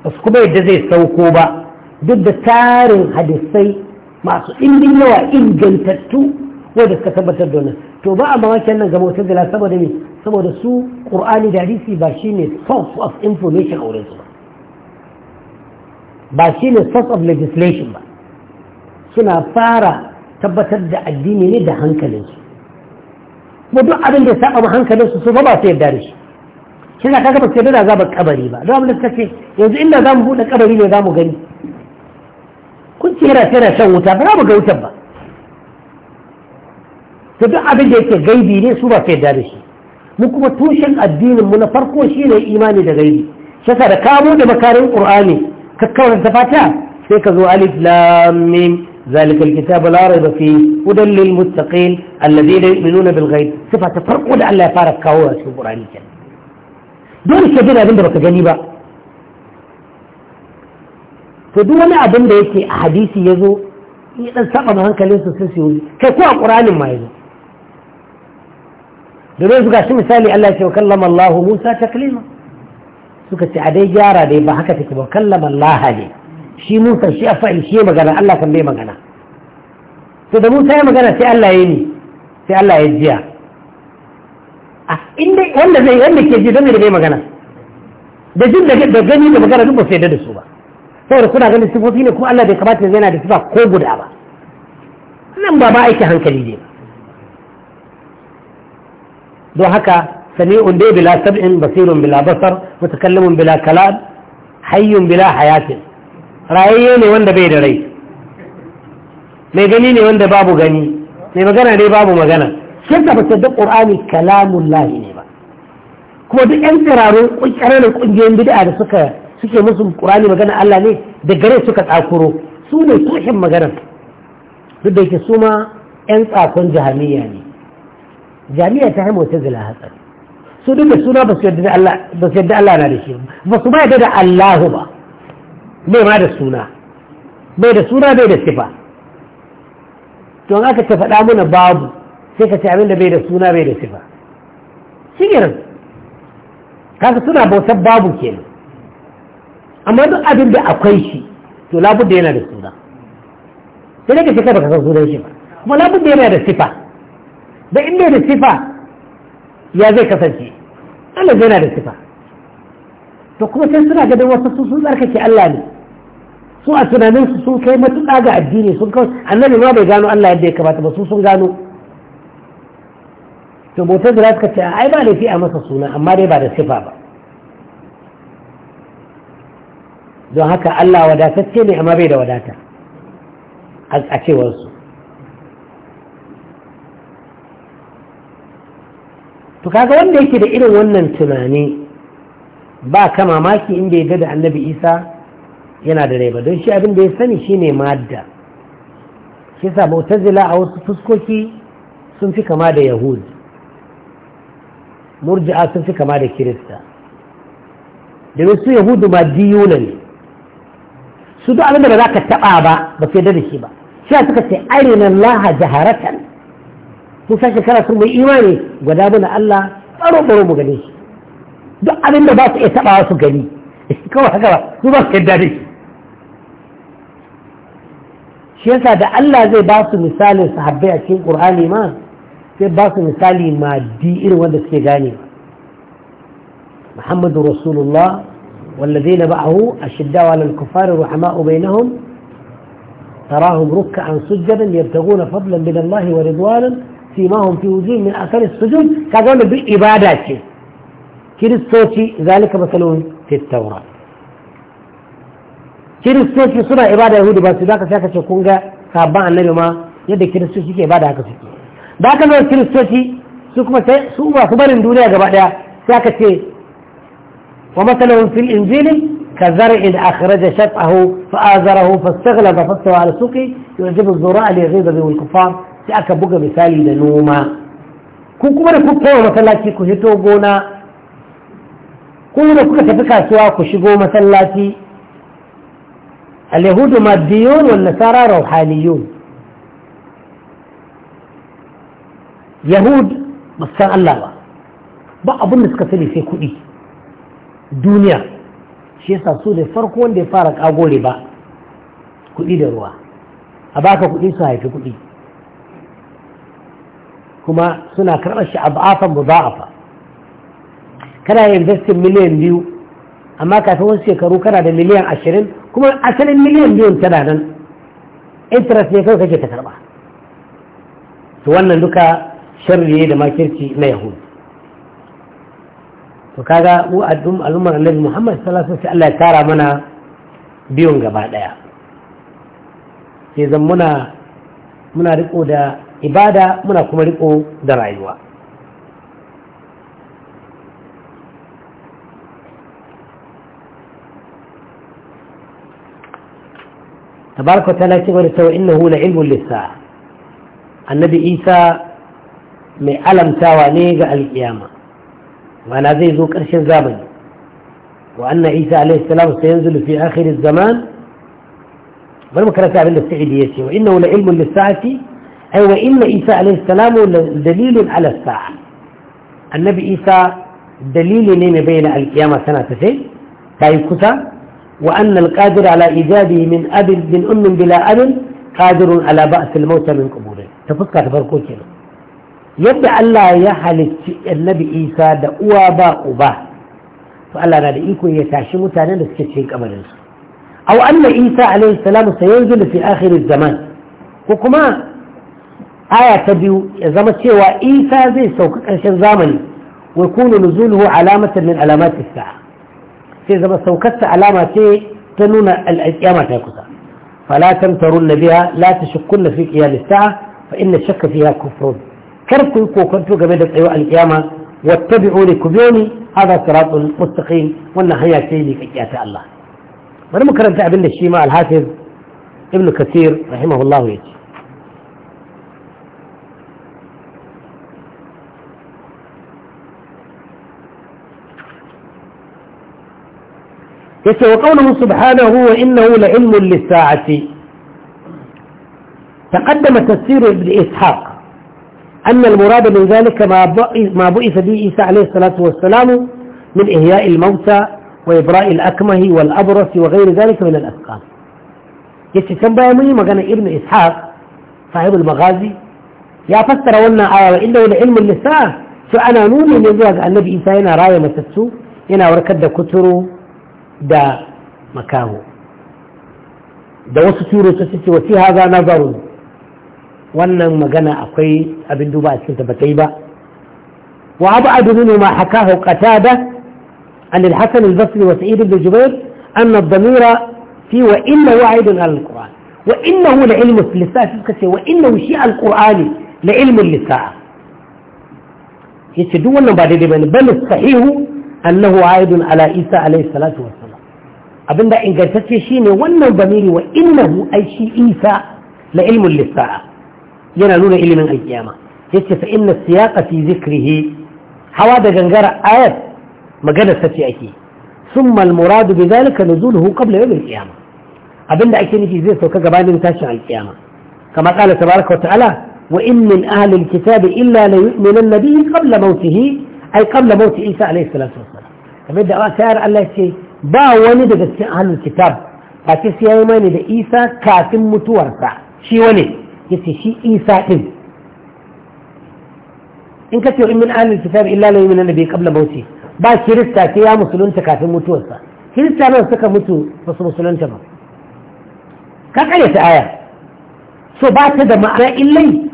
[SPEAKER 1] ba su kuma yadda zai sauko ba duk da tarin hadisai masu indin yawa ingantattu wadda suka tabbatar da wannan to ba a mamakin nan ga mu'tazila saboda me saboda su qur'ani da hadisi ba shine source of information a wurin su ba ba shi ne source of legislation ba suna fara tabbatar da addini ne da hankalinsu kuma duk abin da saba hankalin su su ba ba su yarda da shi shi na kaga ba su yarda da azabar kabari ba don abin da suka ce yanzu inda za mu buɗe kabari ne za mu gani kun ce yana yana shan wuta ba za mu ga wutan ba to duk abin da yake gaibi ne su ba su yarda da shi mu kuma tushen addinin mu na farko shi ne imani da gaibi shaka da kamo da makarin qur'ani ka da fata sai ka zo alif lam mim ذلك الكتاب لا ريب فيه هدى للمتقين الذين يؤمنون بالغيب صفة تفرق ودع الله يفارق كاوة في القرآن الكريم دول كبير أبن دبك جانبا فدول أبن ديك حديثي يزو يدن سقم هنك ليسو سيسيولي كيكوا القرآن ما يزو دول يزو قاسم مثالي الله يتكلم الله موسى تكليما سكت عدي جارة دي بحكتك وكلم الله دي shi musa shi a fa'il shi magana Allah kan bai magana to da musa ya magana sai Allah ya ni sai Allah ya jiya a inda wanda zai wanda ke ji don da bai magana da jin da gani da magana duk ba sai da su ba saboda kuna ganin sifofi ne kuma Allah bai kamata yana da sifa ko guda ba nan ba ba aiki hankali ne don haka sami'un dai bila sab'in basirun bila basar mutakallamun bila kalam hayyun bila hayatin rayayye ne wanda bai da rai mai gani ne wanda babu gani mai magana ne babu magana sun tabbatar da ƙur'ani kalamun lahi ne ba kuma duk yan tsirarun ƙananan ƙungiyoyin bid'a da suka suke musu ƙur'ani magana Allah ne da gare suka tsakuro su ne tushen magana. duk da yake su ma yan tsakon jami'a ne jami'a ta haimo ta zila hatsari su duk da suna ba su yadda Allah na da shi ba su ba yadda da Allahu ba bai ma da suna bai da suna bai da sifa to an aka ta faɗa mana babu sai ka ce abin da bai da suna bai da sifa shigirin kasa suna bautar babu kenan amma duk abin da akwai shi to labudda yana da suna sai daga shi ka san sunan shi ba kuma labudda yana da sifa da inda da sifa ya zai kasance Allah zai yana da sifa to kuma sai suna gadon wasu sun tsarkake Allah ne su a tunaninsu sun kai matuƙa ga addini sun kawai annabi ma bai gano Allah yadda ya kamata ba su sun gano to bautar da suka ce ai ba laifi a masa suna amma dai ba da sifa ba don haka Allah wadatacce ne amma bai da wadata a cewarsu to kaga wanda yake da irin wannan tunani ba ka mamaki inda ya da annabi isa yana da rai don shi abin da ya sani shine madda shi yasa mu'tazila a wasu fuskoki sun fi kama da yahudi murji'a sun fi kama da kirista da su yahudu ma diyuna ne su duk abin da za ka taɓa ba ba su yarda da shi ba shi suka ce arina laha jaharatan sun sa shekara sun mai imani gwada mana Allah tsaro baro mu gane shi duk abin da ba su iya taɓawa su gani kawai haka ba su ba su yarda da shi shi yasa da Allah zai ba su misalin sahabbai a cikin Qur'ani ma sai ba su misali maddi irin wanda suke gane والذين معه أشداء على الكفار رحماء بينهم تراهم ركعا سجدا يبتغون فضلا من الله ورضوانا فيما هم في وجوه من أثر السجود كذلك بالإبادات كريستوتي ذلك مثلهم في التوراة kiristoci suna ibada yahudi ba su zaka saka ce kun ga sabban annabi ma yadda kiristoci ke ibada haka suke da aka zo kiristoci su kuma sai su ba su barin duniya gaba daya sai aka ce wa masalahum fil injili ka zar'in akhraja shat'ahu fa azarahu fastaghlaba fastawa ala suqi yujibu az-zura'a li ghayza bil kuffar sai aka buga misali da noma ku kuma da kuka yi masallaci ku hito gona ku da kuka tafi kasuwa ku shigo masallaci اليهود ماديون والنصارى روحانيون يهود مسان الله ba ba abin suka sani sai kuɗi duniya shi yasa su da farko wanda ya fara kagore ba kuɗi da ruwa a baka kuɗi su haifi kuɗi kuma suna karɓar shi a ba'afan muza'afa kana yin investin miliyan biyu amma kafin wasu shekaru kana da miliyan ashirin kuma asalin miliyan biyun tana nan interest ne kawai kake ta karba to wannan duka sharri ne da makirci na yahudu to kaga mu al'ummar annabi muhammad sallallahu alaihi wasallam Allah ya tara mana biyun gaba daya sai zan muna muna riko da ibada muna kuma riko da rayuwa تبارك وتعالى يقول سوى إنه لعلم للساعة النبي إيسى من ألم تاوى القيامة وأنا ذي ذو كرش الزمن وأن عيسى عليه السلام سينزل في آخر الزمان ولم يكن رسع بالله السعيد يسي وإنه لعلم للساعة أي وإن عيسى عليه السلام دليل على الساعة النبي إيسى دليل نيم بين القيامة سنة سنة تايب كتاب وأن القادر على إيجاده من أب من أم بلا أب قادر على بأس الموت من قبوله تفكر تفرقوك يلو يبدأ الله يحل النبي إيسا دا أوابا أوبا فألا نريكو يتعشي متانا نسكتشين كمان أو أن إيسا عليه السلام سينزل في آخر الزمان وكما آية تبيو زمت شيء وإيسا زي سوكك أشان زامني ويكون نزوله علامة من علامات الساعة sai zama saukarsa alama ce ta nuna al'aƙiyama ta kusa fala tamtarun na biya la ta shakkun na fi ƙiyalista fa inna shakka fiya kufrun kar ku yi kokonto game da tsayuwar alƙiyama wattabi'u ni ku biyo ni hada siratul mustaqim wannan hanya ce ne kakkiya ta Allah bari mu karanta abin da shi ma al-hafiz ibn kathir rahimahullahu yace yace wa سبحانه وإنه لعلم للساعة تقدم تفسير lis أن المراد من ذلك ما بئث به عيسى عليه الصلاة والسلام من إهياء الموتى وإبراء الأكمه والأبرص وغير ذلك من الأسقام يتكلم كم بامي مغانا ابن إسحاق صاحب المغازي يا فسر ولنا آية وإنه لعلم للساعة شو أنا من ذلك النبي إيسى هنا راية متسو هنا وركد كتره da makamu da wasu turo ta ce wasi haza nazarun wannan magana akwai abin duba a cikin ba ta yi ba wa abu adunu ma hakahu qatada an al-hasan al-basri wa sa'id ibn jubair an na damira fi wa inna wa aidin alkur'an wa hu na la lissa su suka ce wa hu shi alkur'ani na ilmin lissa lisa'a yace duk wannan ba daidai ba ne ba bal sahihu annahu aidin ala isa alaihi salatu wasu abinda ingantacce shine wannan bamiri wa innahu ai shi isa na ilmun lissa'a yana nuna ilimin alkiyama ce fa inna siyaqa fi zikrihi hawa da gangara ayat magana sace ake summa almurad bi zalika nuzuluhu qabla yawm alqiyama abinda ake nufi zai sauka gabanin tashin alkiyama kama qala tabaraka wa ta'ala wa in min ahli kitabi illa la yu'minanna bihi qabla mawtihi ay qabla mawti isa alayhi salatu wassalam kamar da ayar Allah ce ba wani daga cikin ahlul kitab ba ce sai ya yi mani da Isa kafin mutuwarsa shi wane yace shi Isa din in ka ce min ahlul kitab illa la yu'minu nabi qabla mawti ba kirista sai ya musulunta kafin mutuwarsa kirista nan suka mutu ba su musulunta ba ka kare ta aya so ba ta da ma'ana illai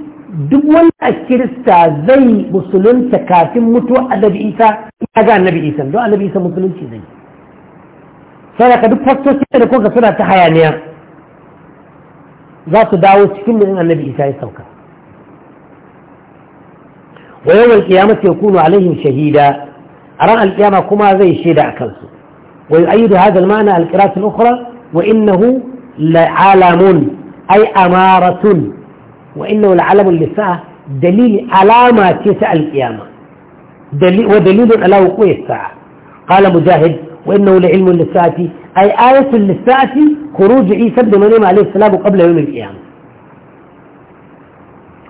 [SPEAKER 1] duk wani a kirista zai musulunta kafin mutuwar annabi Isa ya ga annabi Isa don annabi Isa musulunci zai sai ka duk fastoci da kuka suna ta hayaniya za su dawo cikin da annabi isa ya sauka wa yau yawan kiyama ya kunu alaihim shahida a ran alkiyama kuma zai shaida a kansu wa yu'ayyidu hadha al-ma'na al-qira'at al-ukhra wa innahu la'alamun ay amaratun wa innahu la'alamun lisa'a dalil alama ce ta alkiyama wa dalilun ala wuqu'i sa'a qala mujahid وإنه لعلم للساعة أي آية للساعة خروج عيسى بن مريم عليه السلام قبل يوم القيامة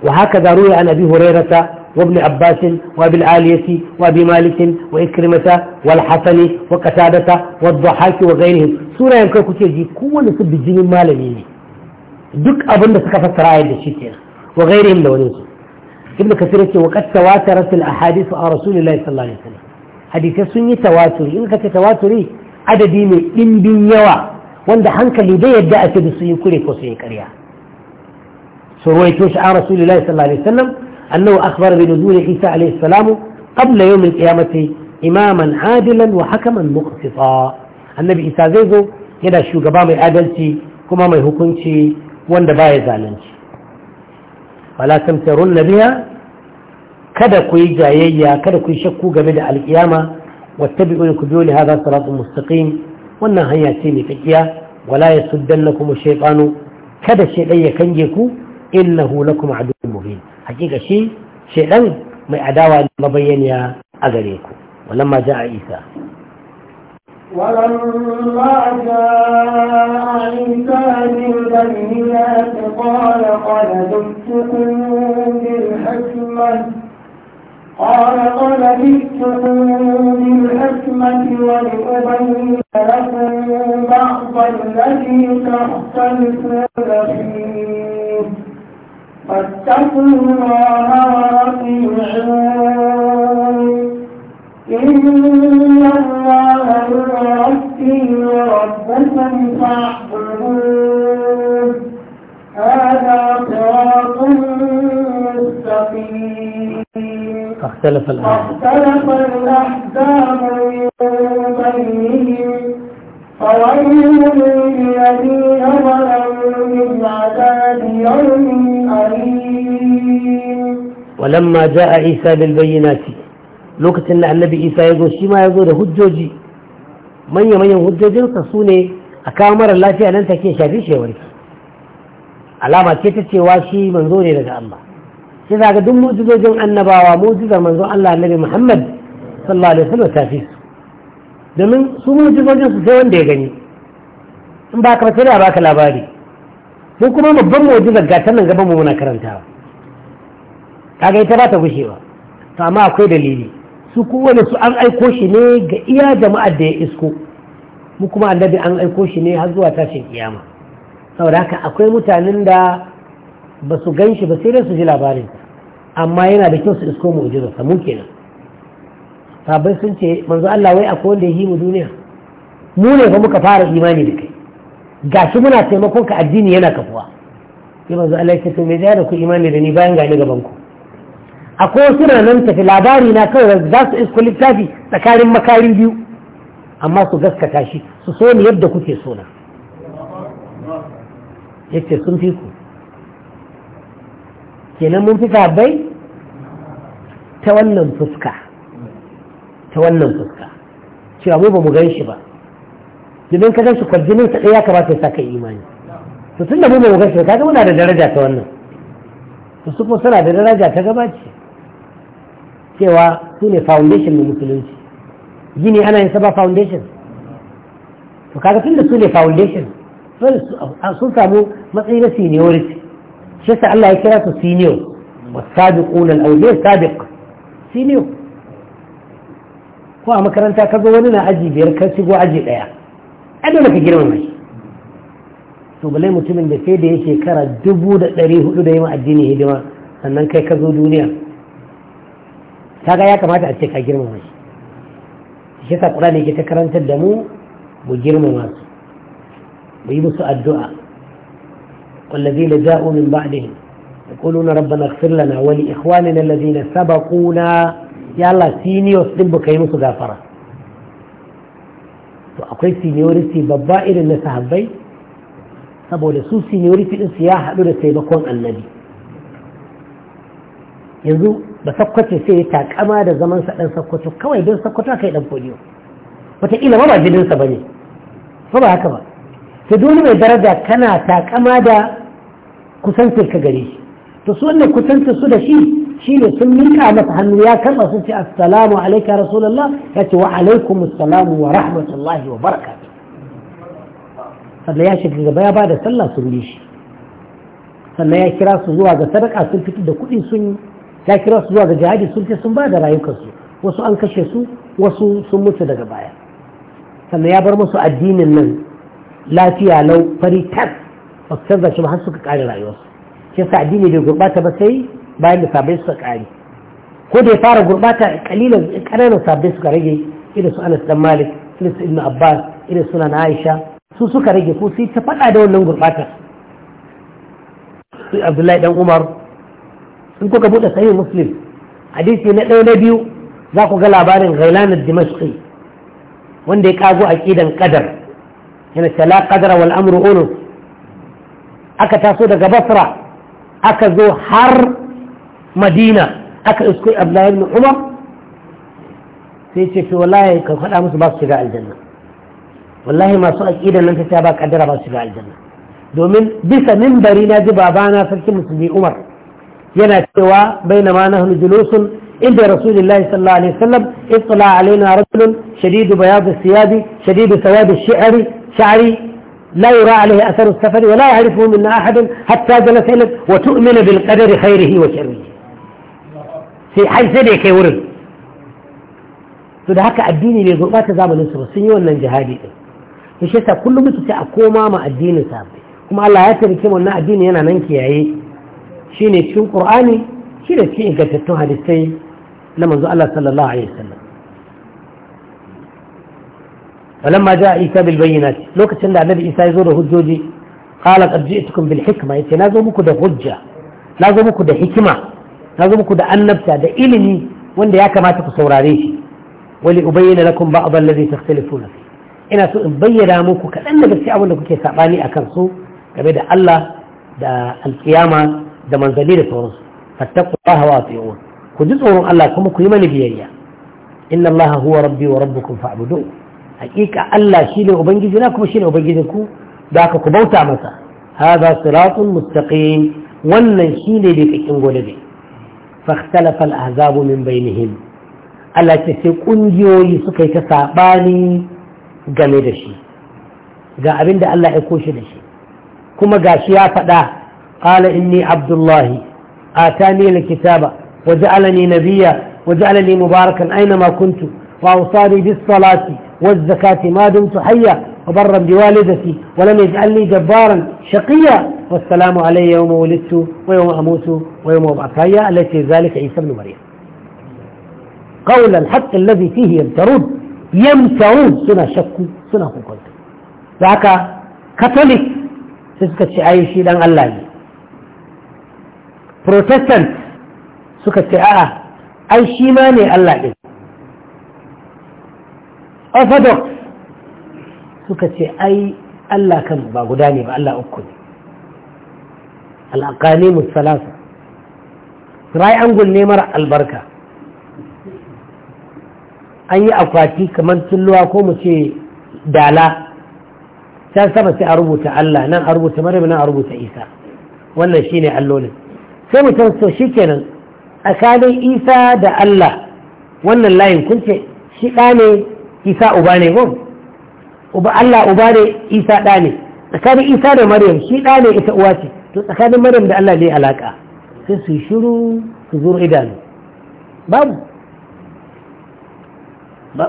[SPEAKER 1] وهكذا روي عن أبي هريرة وابن عباس وابي العالية وابي مالك وإكرمة والحسن وقتادة والضحاك وغيرهم سورة يمكن كتير كون سب الجن مالمين duk abin da suka fassara ayar da shi kenan wa ghairihim da wani su ibnu kasir yace wa qad tawatarat al ahadith an rasulillahi sallallahu alaihi wasallam hadisai sun yi tawaturi in ka ce tawaturi adadi mai ɗimbin yawa wanda hankali bai yadda a ce da su yi kure ko su yi ƙarya su ruwaito shi an rasulullahi sallallahu alaihi wasallam annahu akhbara bi nuzul isa alaihi salam qabla yawm al-qiyamati imaman adilan wa hakaman muqsita annabi isa zai zo yana shugaba mai adalci kuma mai hukunci wanda baya zalunci wala tamtarun biha kada ku yi jayayya kada ku yi shakku game da alkiyama wattabi'u ku biyo li hadha siratal mustaqim wannan hanya ce mai kakkiya wala yasuddannakum shaytanu kada shaydan ya kange ku innahu lakum aduwwun mubin hakika shi shaydan mai adawa ne mabayyaniya a gare ku walamma ja'a isa
[SPEAKER 2] ولما جاء عيسى بالبينات قال قد جئتكم بالحكمه قال قد جئتكم بالحكمة ولأبين لكم بعض الذي تختلفون فيه فاتقوا الله وأطيعون إن الله هو ربي وربكم فاعبدوه هذا
[SPEAKER 1] فاختلف الأحزاب فاختلف الأحزاب
[SPEAKER 2] من فويل للذين ظلموا من عذاب يوم
[SPEAKER 1] ولما جاء عيسى بالبينات lokacin da annabi isa ya zo shi ma ya zo da hujjoji manya-manyan hujjojinsa su ne a kawo marar lafiya nan take shafi shewarki alama ce ta cewa shi manzo ne daga Allah shi za ka duk mujizojin annabawa mujizar manzo Allah annabi Muhammad sallallahu alaihi wasallam ta fi domin su mujizojin su sai wanda ya gani in ba ka da ba ka labari ko kuma babban mujizar ga ta nan gaban mu muna karantawa kaga ita ba ta gushewa to amma akwai dalili su kowane su an aiko shi ne ga iya jama'ar da ya isko mu kuma annabi an aiko shi ne har zuwa tashin kiyama saboda haka akwai mutanen da ba su gan shi ba sai dai su ji labarin amma yana da kyau su isko mu ujiza samu kenan sabai sun ce manzo Allah wai akwai wanda ya yi mu duniya mu ne fa muka fara imani da kai gashi muna taimakon ka addini yana kafuwa sai manzo Allah ya ce to me zai da ku imani da ni bayan gani gaban ku akwai na nan tafi labari na kawai za su isko littafi tsakanin makarin biyu amma su gaskata shi su so ni yadda kuke sona yake sun fi ku kenan mun fi sabai ta wannan fuska ta wannan fuska cewa mu ba mu gan shi ba domin ka shi kwarjinin sa ya kamata ya saka imani to tun da mu ba mu gan shi ga muna da daraja ta wannan to su kuma suna da daraja ta gaba ce, cewa su ne foundation na musulunci gini ana yin saba foundation to kaga tun da su ne foundation sun samu matsayi na seniority shi sa Allah ya kira su senior والسابقون الأولياء سابق senior ko a makaranta ka zo wani na aji biyar ka shigo aji daya a dole ka girma mai to balai mutumin da sai da yake kara dubu da ɗari hudu da yi ma addini hidima sannan kai ka zo duniya ta ga ya kamata a ce ka girma mai shi sa ƙura ne ke ta karantar da mu mu girma masu mu yi musu addu'a والذين جاءوا من بعدهم يقولون ربنا اغفر لنا ولإخواننا الذين سبقونا يا الله سينيوس din baka yi musu gafara to akwai seniority babba irin na sahabbai saboda su seniority din su ya haɗu da taimakon annabi yanzu ba sakkwace sai ya takama da zaman sa dan sakkwato kawai don sakkwato kai dan fodiyo wataƙila ba ba jininsa ba ne ba ba haka ba ta dole mai daraja kana takama da kusantar ka gare shi to su wanda kusantar su da shi shi ne sun miƙa masa hannu ya karɓa sun ce assalamu alaika rasulallah ya ce wa alaikum assalamu wa rahmatullahi wa barakatu sannan ya shiga gaba ya bada sallah sun bi shi sannan ya kira su zuwa ga sadaka sun fito da kuɗi sun ya kira su zuwa ga jihadi sun ce sun bada rayukansu wasu an kashe su wasu sun mutu daga baya sannan ya bar musu addinin nan lafiya lau fari tas ba su shi ba har suka kare rayuwarsu shi sa addini bai gurbata ba sai bayan da sabai suka kare ko da ya fara gurbata kalilan ƙananan sabai suka rage irin su Anas dan Malik irin su Ibn Abbas irin su Nana Aisha su suka rage ko sai ta faɗa da wannan gurbata su Abdullahi dan Umar in kuka buɗe sahih Muslim hadisi na ɗaya na biyu za ku ga labarin Ghailan ad-Dimashqi wanda ya kago aqidan qadar yana ce la qadara wal unus aka taso daga basra aka zo har madina aka isko abdullahi ibn umar sai ce to wallahi ka faɗa musu ba su shiga aljanna wallahi masu aqidan nan ta ta ba kaddara ba su shiga aljanna domin bisa minbari na ji babana sarki musulmi umar yana cewa bainama nahnu julusun عند رسول الله صلى الله عليه وسلم اطلع علينا رجل شديد بياض الثياب شديد سواد الشعر شعري لا يرى عليه أثر السفر ولا يعرفه منا أحد حتى جلس إليه وتؤمن بالقدر خيره وشره sai har sai da ya kai wurin to da haka addini bai gurɓata zamanin su ba sun yi wannan jihadi ɗin to shi yasa kullum mutu sai a koma ma addinin sa kuma Allah ya tarike wannan addini yana nan kiyaye shine cikin Qur'ani shine cikin ingantattun hadisai na manzo Allah sallallahu alaihi wasallam ولما جاء عيسى بالبينات لو كان النبي عيسى يزور هجوجي قال قد جئتكم بالحكمة يتي نازو مكو ده هجة نازو مكو ده حكمة نازو مكو ده النبتة ده إلمي وان ده ياكما تكسور عليه ولأبين لكم بعض الذي تختلفون فيه ina so in bayyana muku kaɗan daga gaske abin da kuke saɓani a kan su game da Allah da alƙiyama da manzanni da sauransu fattaku Allah wa atiyu ku ji tsoron Allah kuma ku yi mani biyayya inna huwa rabbi wa rabbukum fa'budu hakika Allah shine ubangiji na kuma ne ubangijin ku da aka ku bauta masa haza siratun mustaqim wannan shine da kakin gole ne fahtalafa al'azab min bainihim Allah ce sai kungiyoyi suka yi ta sabani game da shi ga abinda Allah ya koshi da shi kuma gashi ya faɗa qala inni abdullahi atani alkitaba waja'alani nabiyya waja'alani mubarakan aina ma kuntu wa awsani bis salati والزكاة ما دمت حيا وبرا بوالدتي ولم يجعلني جبارا شقيا والسلام علي يوم ولدت ويوم أموت ويوم أبعث هيا التي ذلك عيسى بن مريم قول الحق الذي فيه يمترون يمترون سنة شك سنة قلت ذاك كاثوليك سكت عايشي لان الله بروتستانت سكت آه ai shi ma ne Allah ɗin orthodox suka ce ai Allah kan ba guda ne ba Allah uku ne al'aƙani musalasa triangle ne mara albarka an yi akwati kamar tulluwa ko mu ce dala can sama sai a rubuta Allah nan a rubuta maryam nan a rubuta isa wannan shine allolin sai mutum so shikenan tsakanin isa da Allah wannan layin kun ce shi ɗa ne isa uba ne gom uba Allah uba ne isa ɗa ne tsakanin isa da maryam shi ɗa ne ita uwa ce to tsakanin maryam da Allah ne alaka sai su shiru su zuru idanu babu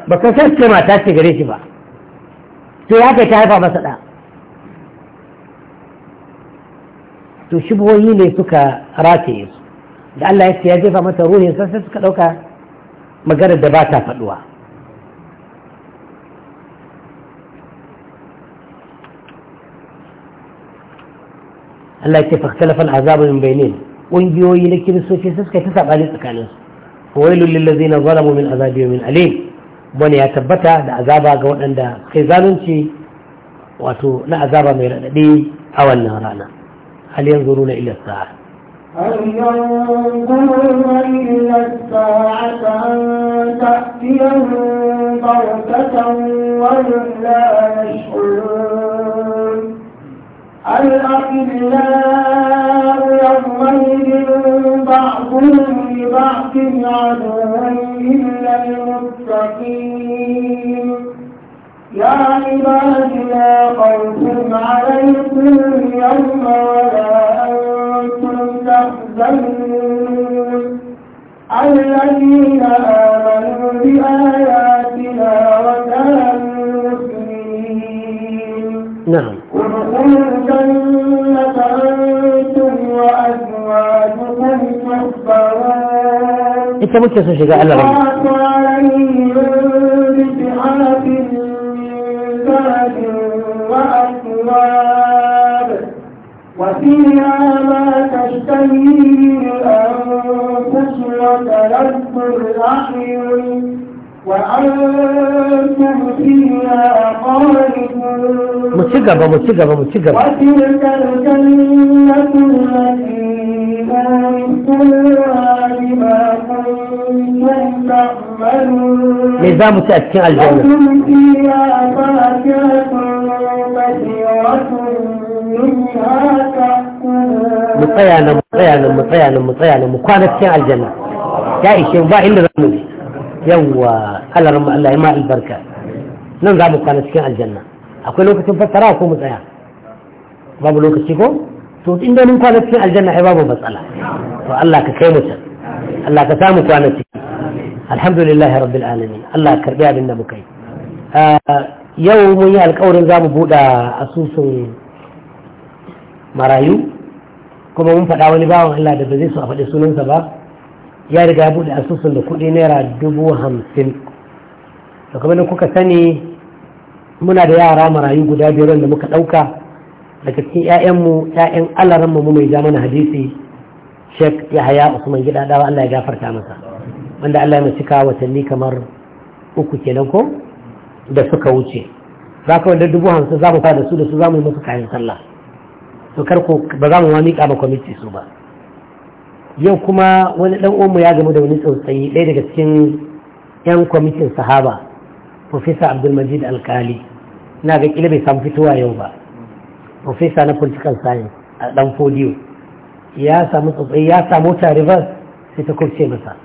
[SPEAKER 1] ba ka ce mata ce gare shi ba to ya kai ta haifa masa ɗa to shubuhoyi ne suka rataye su da Allah ya ce ya jefa mata ruhin sai suka ɗauka maganar da ba ta faɗuwa Allah ya ce fakhtalafal azabu min bainin ƙungiyoyi na kiristoci suka ta sabani tsakanin su wailul lil ladzina zalamu min azabi min alim wani ya tabbata da azaba ga waɗanda kai zalunci wato na azaba mai raɗaɗi a wannan rana hal yanzuruna ila sa'a
[SPEAKER 2] هل ينظرون إلا الساعة أن تأتيهم بغتة وهم لا يشعرون الأخلاء يومئذ بعضهم لبعض عدو إلا المتقين يا عباد لا خوف عليكم اليوم ولا أنتم تحزنون الذين آمنوا بآياتنا وكانوا مسلمين نعم ita
[SPEAKER 1] muke su shiga Allah
[SPEAKER 2] وفيها ما تشتهيه الأنفس وتلذ الأعين وأنتم فيها خالدون متشقبة متشقبة وتلك الجنة التي أورثتموها بما كنتم me za mu ci a cikin aljanna mu tsaya nan mu tsaya nan mu tsaya
[SPEAKER 1] nan mu tsaya nan mu kwana cikin aljanna ya ishe ba inda za mu ji yawwa Allah rahmu Allah ma albarka nan za mu kwana cikin aljanna akwai lokacin fassara ko mu tsaya babu lokaci ko to inda mun kwana cikin aljanna ai babu matsala to Allah ka kai mu can Allah ka samu kwana ciki alhamdulillahi rabbi Allah karbi abin da muka yi ah, yau mun yi alkawarin za mu buɗe asusun marayu kuma mun faɗa wani bawan Allah da ba zai so a faɗi sunansa ba ya riga ya buɗe asusun da kuɗi naira dubu hamsin da kuma kuka sani muna da yara marayu guda biyar da muka ɗauka daga cikin 'ya'yanmu 'ya'yan alaranmu mu mai ja mana hadisi shek yahaya usman Gida dawa Allah ya gafarta masa wanda Allah ya cika watanni kamar uku kenan ko da suka wuce za ka wanda dubu hamsin za mu da su da su za mu yi masa kayan sallah to kar ko ba za mu ma miƙa ba kwamiti su ba yau kuma wani ɗan uwanmu ya gamu da wani tsautsayi ɗaya daga cikin 'yan kwamitin sahaba profesa Abdul majid alkali na ga ƙila bai samu fitowa yau ba profesa na political science a dan fodiyo ya samu tsotsai ya samu ta sai ta kurce masa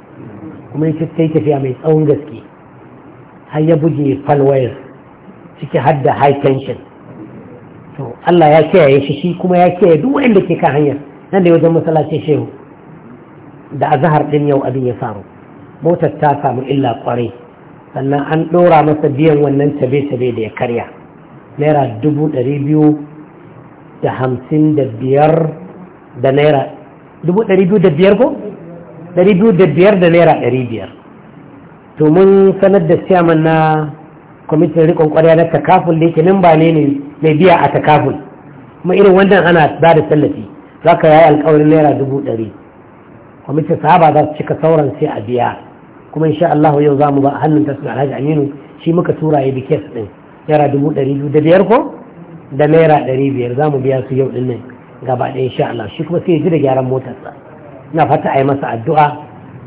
[SPEAKER 1] kuma yake ta tafiya mai tsawon gaske har ya buge falwayar ciki har da high tension to Allah ya kiyaye shi shi kuma ya kiyaye duk wanda ke kan hanyar nan da wajen masallacin shehu da azahar din yau abin ya faru motar ta samu illa kwarai sannan an ɗora masa biyan wannan tabe-tabe da ya karya naira dubu ɗari biyu da hamsin da biyar da naira dubu dari biyu da biyar ko Dari biyu da biyar da naira dari biyar to mun sanar da siyaman na kwamitin rikon kwarya na takaful da yake nan ba ne ne mai biya a takaful kuma irin wannan ana ba da tallafi za ka yi alkawarin naira dubu dari kwamitin sahaba za su cika sauran sai a biya kuma insha Allah yau za mu ba hannun tasiri alhaji aminu shi muka tura ya bi kes ɗin naira dubu dari biyu da biyar ko da naira dari biyar za mu biya su yau ɗin nan gaba ɗaya insha Allah shi kuma sai ya ji da gyaran motarsa na fata a yi masa addu'a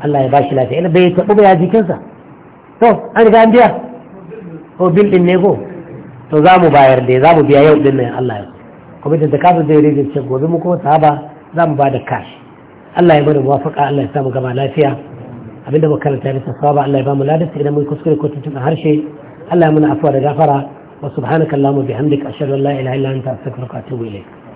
[SPEAKER 1] Allah ya bashi lafiya ina bai taɓa ya jikinsa to an riga an biya ko bil ɗin ne ko to za mu bayar da za mu biya yau din nan Allah ya kuma da kafin zai rage ce gobe mu kuma sahaba za mu ba da cash Allah ya bada muwafaka Allah ya samu gaba lafiya abinda muka karanta bisa sahaba Allah ya ba mu ladarsa idan mun kuskure ko tuntuɓe harshe Allah ya muna afuwa da gafara wa subhanaka Allahumma bihamdika ashhadu an la ilaha illa anta astaghfiruka wa atubu ilayk